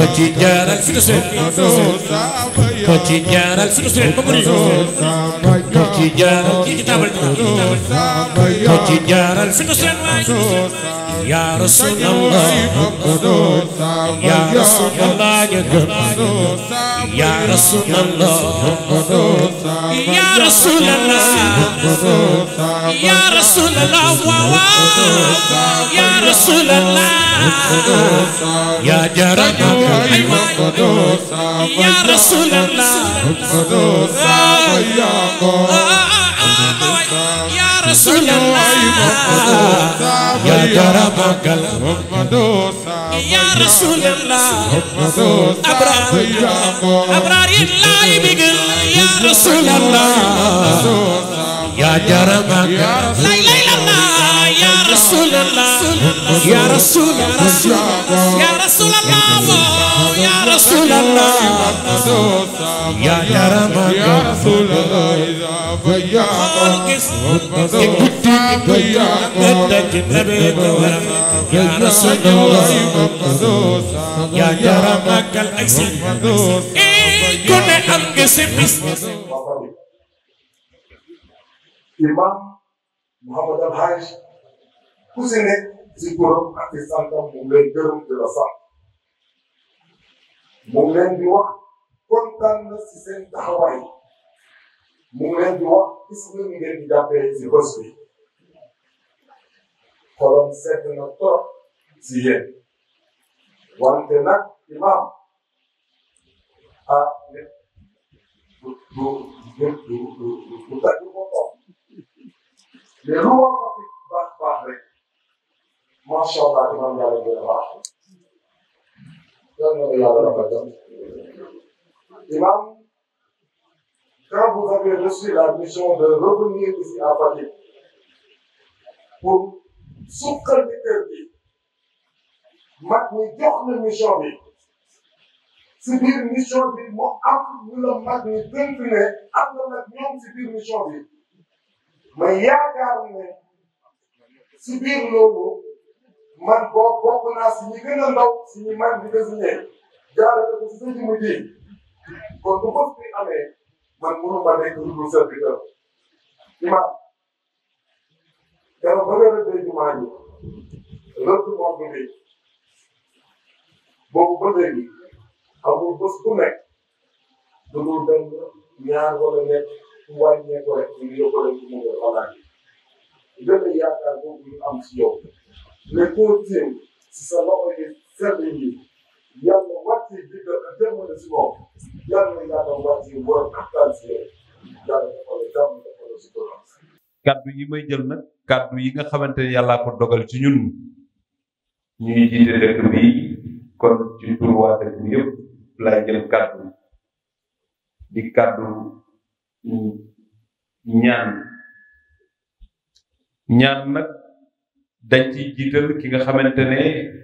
ko ci jaar ak sunu seen ko ci jaar ak sunu seen ci jaaral kii ci taabal ko ci jaaral fi seen waay yaa rasulallah yaa rasulallah ñu gëm yaa rasulallah yaa rasulallah yaa rasulallah waawaaw yaa rasulallah yaa jaral yaa rasulallah يا رسول الله يا كرمك يا رسول الله أبرار أبرار الله بقل يا رسول الله يا كرمك لا إله إلا الله يا رسول الله يا رسول الله يا رسول الله يا رسول الله يا كرمك imam Mouhamed El Hadj ku si nekk si góoram ak si santam mu ngi leen gërëm di la sant mu ngi leen di wax kontaan na si seen taxawaay mu ngi leen di wax est-ce que ñu ngeen di jàppee si bës bi xolam seet na trop si yéen wante nag imaam ah du du du du du du tàggu boppam mais lu wax wax baax baax rek macha allah imaam yàlla gën a baax yàlla na yàlla na ko imaam quand vous avez reçu la mission de revenir ici à Fatick pour sukkal bi kër gi mag ñi jox la mission bi si biir mission bi mu am ñu la mag ñi gën ne am na nag si biir mission bi ma yaakaar ne si biir loolu man boo bokk naa si ñi gën a ndaw si ñi mag di désigné jaarale ko si sa jimu ji kon du ko fi amee. man mënu ma nekk lu dul serviteur imam dama ba nga rëddee jumaa ji rëdd moom du nii boobu ba léegi amul bés bu nekk lu dul benn ñaar wala ñett wàññeeku rek ñu ngi yóbbu rek ci moom wala gën a yaakaar boobu ñu am ci yow mais pour si sa loxo yi seetlu yàlla wàcce jiital ak jamono si kaddu yi may jël nag kaddu yi nga xamante ne yàllaa ko dogal ci ñun ñu ngi jiite bi kon ci tur waa bi yëpp laay jël kaddu di kaddu ñaan ñaan nag. dañ ciy jiital ki nga xamante ne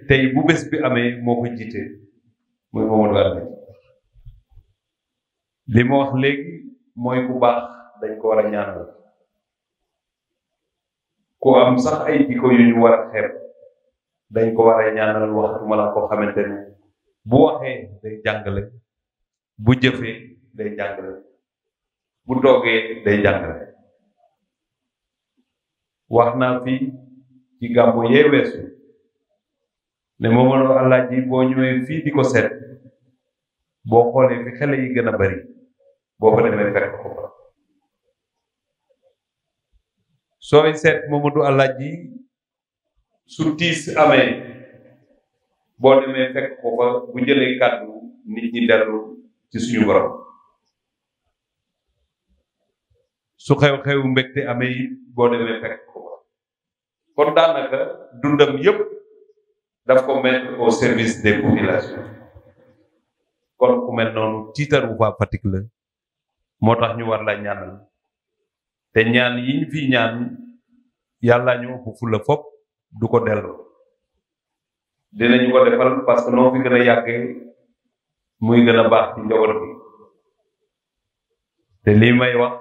tey bu bés bi amee moo ko jiite muy Mamadou Alé li ma wax léegi mooy bu baax dañ ko war a ñaanal ku am sax ñu war dañ ko war a ñaanal xamante ne bu waxee day jàngale bu jëfee day jàngale bu toogee day jàngale wax naa fii ci gàmmu yee weesu ne Momadou allah ji boo ñëwee fii di ko seet boo xoolee fi xale yi gën a bari boo fa demee fekk ko seet Momadou allah ji su tiis amee boo demee fekk ko fa bu jëlee kàddu nit ñi dellu ci suñu borom su xew-xewu mbégte amee boo demee fekk kon daanaka dundam yëpp daf ko mettre au service des populations kon ku mel noonu tiitaru waa Fatick la moo tax ñu war la ñaanal te ñaan yi fi ñaan yàlla ñu ëpp fulla du ko delloo dinañu ko defal parce que noo fi gën a yàggee muy gën a baax ci njaboot bi te lii may wax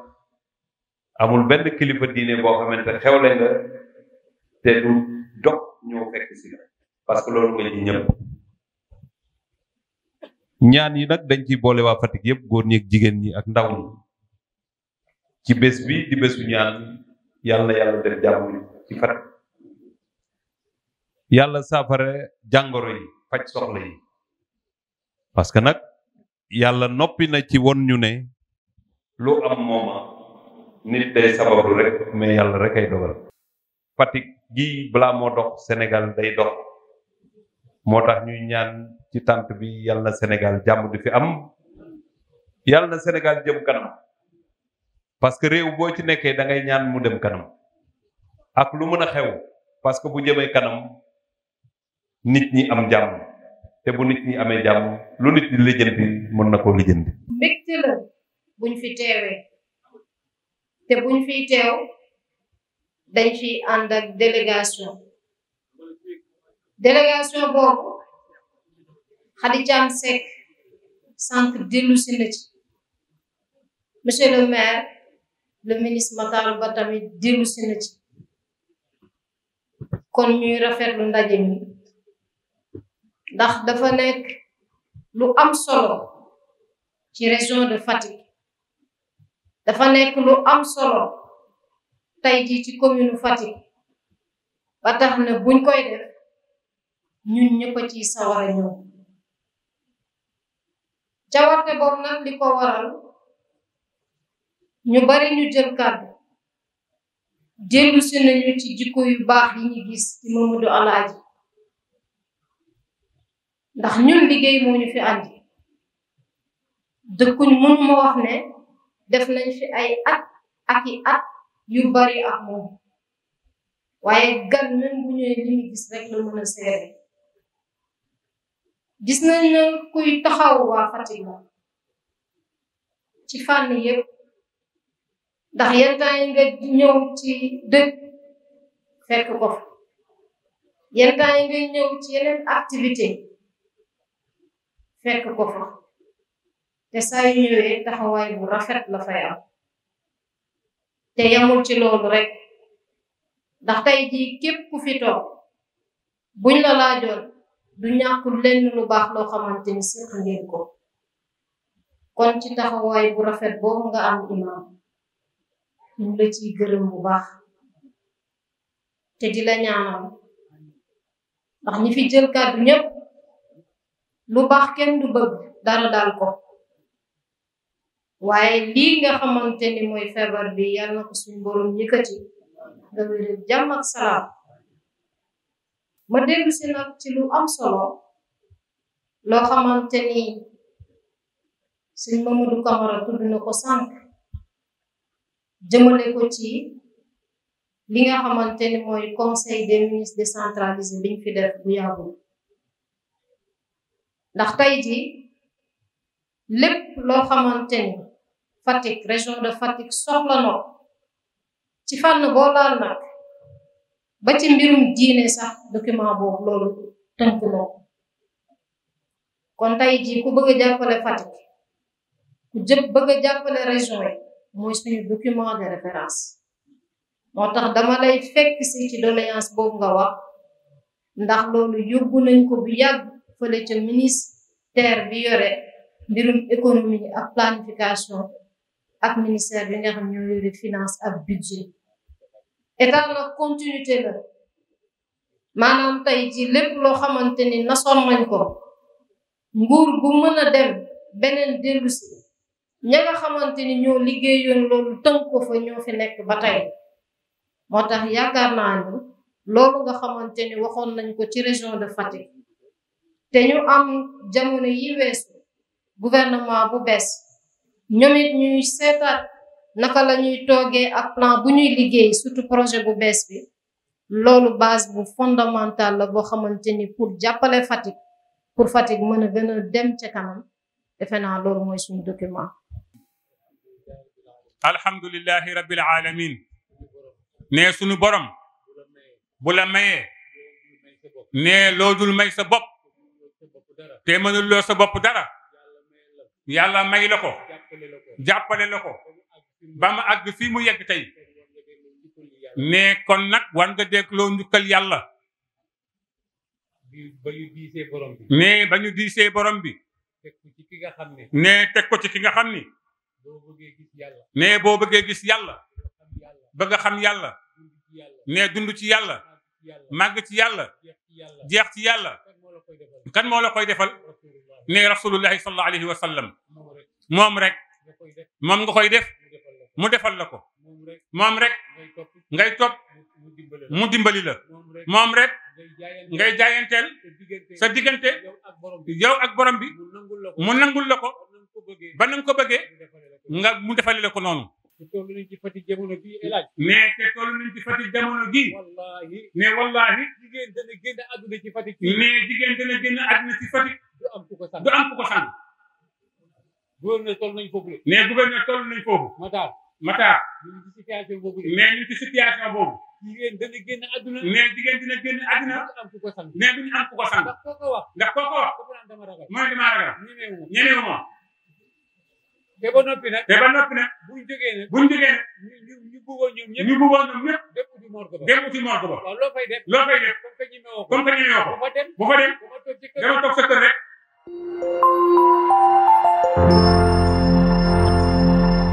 amul benn kilifa diine boo xamante xew la te du dog ñëw fekk si la parce que loolu mooy ñi ñëpp. ñaan yi nag dañ ci boole waa Fatick yëpp góor ñi ak jigéen ñi ak ndaw ñi ci bés bi di bésu ñaan yàlla na yàlla def jàmm ci Fatick yàlla saafara jàngoro yi faj soxla yi parce que nag yàlla noppi na ci won ñu ne lu am mooma nit day sabablu rek mais yàlla rek ay dogal Fatick gii balaa moo dox Sénégal day dox moo tax ñuy ñaan ci tànk bi yàlla na Sénégal jàmm du fi am yàlla na Sénégal jëm kanam parce que réew boo ci nekkee da ngay ñaan mu dem kanam ak lu mën a xew parce que bu jëmee kanam nit ñi am jàmm te bu nit ñi amee jàmm lu nit di lijjanti mën na koo lijjanti. mbégte la buñ fi teewee te buñ fiy teew. dañ ci ànd ak délégation délégation boobu Khadijaam Seck sànq dellu si na ci monsieur le maire le ministre Matar Ba tamit dellu si na kon ñuy rafetlu ndaje mi ndax dafa nekk lu am solo ci région de Fatick dafa nekk lu am solo tay jii ci commune fati ba tax na buñ koy def ñun ñëpp a ciy sawar jawarte boobu nag li ko waral ñu bari ñu jël kàddu dellu si nañu ci jikko yu baax yi ñu gis ci Mamadou Alaaji ndax ñun liggéey moo ñu fi andi dëkkuñ mënuma wax ne def nañ fi ay at ak i at yu bari ak moom waaye gan même bu ñëwee li ñu gis rek la mën a seere gis nañ ne kuy taxaw waa Fatick moom ci fànn yëpp ndax yenn temps yi nga ñëw ci dëkk fekk ko fa yenn temps yi nga ñëw ci yeneen activité fekk ko fa te saa yu ñëwee taxawaay bu rafet la fay am te yamul ci loolu rek ndax tey jii képp ku fi toog buñ la laajoon du ñàkkul lenn lu baax loo xamante ni seq ko kon ci taxawaay bu rafet boobu nga am imaam ñu la ciy gërëm bu baax te di la ñaanal ndax ñi fi jël kàddu ñépp lu baax kenn du bëgg dara daal ko waaye lii nga xamante ni mooy feebar bi yàlla na ko suñu borom yëkkati nga wér jàmm ak ma dellu si nag ci lu am solo loo xamante ni suñ Mamadou Camara tudd na ko sànq jëmale ko ci li nga xamante ni mooy conseil des de décentralisé biñ fi def bu yàggul ndax tey ji lépp loo xamante ni Fatick région de Fatick soxla na ci fànn boo laal nag ba ci mbirum diine sax document boobu loolu tënk na ko kon tey ku bëgg a jàppale Fatick ku jëpp bëgg a jàppale région yi mooy suñu document de référence moo tax dama lay fekk si ci doléance boobu nga wax ndax loolu yóbbu nañ ko bu yàgg fële ca ministère bi yore mbirum économie ak planification ak ministère bi nga xam ñoo yore finance ak budget état la continuité la maanaam tey ji lépp loo xamante ni nasoon nañ ko nguur gu mën a dem beneen dellusi ña nga xamante ni ñoo liggéeyoon loolu tënk ko fa ñoo fi nekk ba tey moo tax yaakaar naa ni loolu nga xamante ni waxoon nañ ko ci région de Fatick te ñu am jamono yi weesu gouvernement bu bees ñoom it ñuy seetaat naka la ñuy toogee ak plan bu ñuy liggéey surtout projet bu bees bi loolu base bu fondamental la boo xamante ni pour jàppale Fatick pour Fatick mën a gën a dem ca kanam defe naa loolu mooy suñu document alhamdulilahi rabbil alamin ne suñu borom bu la mayee ne loo dul may sa bopp te mënul loo sa bopp dara yàlla may la ko jàppale la ko ba ma àgg fii mu yegg tey ne kon nag wan nga dégloo njukkal yàlla ne ba ñu diisee borom bi ne teg ko ci ki nga xam ni ne boo bëggee gis yàlla bëgg a xam yàlla ne dund ci yàlla màgg ci yàlla jeex ci yàlla kan moo la koy defal ni rasulullahi sallallahu alayhi wa sallam moom rek moom nga koy def mu defal la ko moom rek ngay topp mu dimbali la moom rek ngay jaayanteel sa diggante yow ak borom bi mu nangul la ko ba nanga ko bëggee nga mu defale la ko noonu te toll nañ ci Fatick jamono bii El mais te toll nañ ci Fatick jamono bii. wallaahi mais wallaahi. jigéen dana génn àdduna ci Fatick. mais jigéen dana génn àdduna ci am ku ko sànni du am ku ko sànni. gouverneur toll nañ foofu la. mais gouverneur nañ foofu. Matar Matar. ñu ngi ci situation boobu la. mais ñu ngi dana génn àdduna. mais jigéen dina génn àdduna. am ku ko mais duñu am ku ko sànni. ndax kooku wax ndax kooku wax. mooy dama ragal ñemewu ma. te ba noppi nag. te ba noppi nag. buñ jógee nag buñ jógee nag. ñu ñu bëggoon ñoom ñëpp. ñu bëggoon ñoom ñëpp. dem uti morgue ba dem uti morgue ba. waaw loo fay def. loo fay def comme que ñemewoo ko. rek. thank you